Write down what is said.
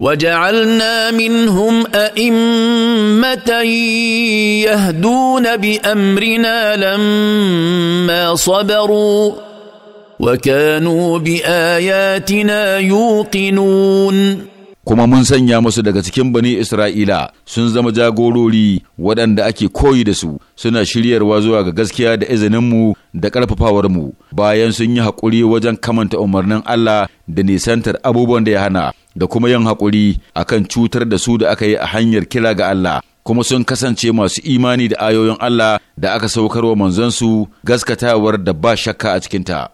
وجعلنا منهم ائمه يهدون بامرنا لما صبروا وكانوا باياتنا يوقنون kuma mun sanya musu daga cikin bani Isra'ila sun zama jagorori waɗanda ake koyi da su suna shiryarwa zuwa ga gaskiya da izininmu da ƙarfafawarmu bayan sun yi haƙuri wajen kamanta umarnin Allah da nisantar abubuwan da ya hana da kuma yin haƙuri a kan cutar da su da aka yi a hanyar kira ga Allah kuma sun kasance masu imani da ayoyin Allah da aka saukar wa manzansu gaskatawar da ba shakka a cikinta.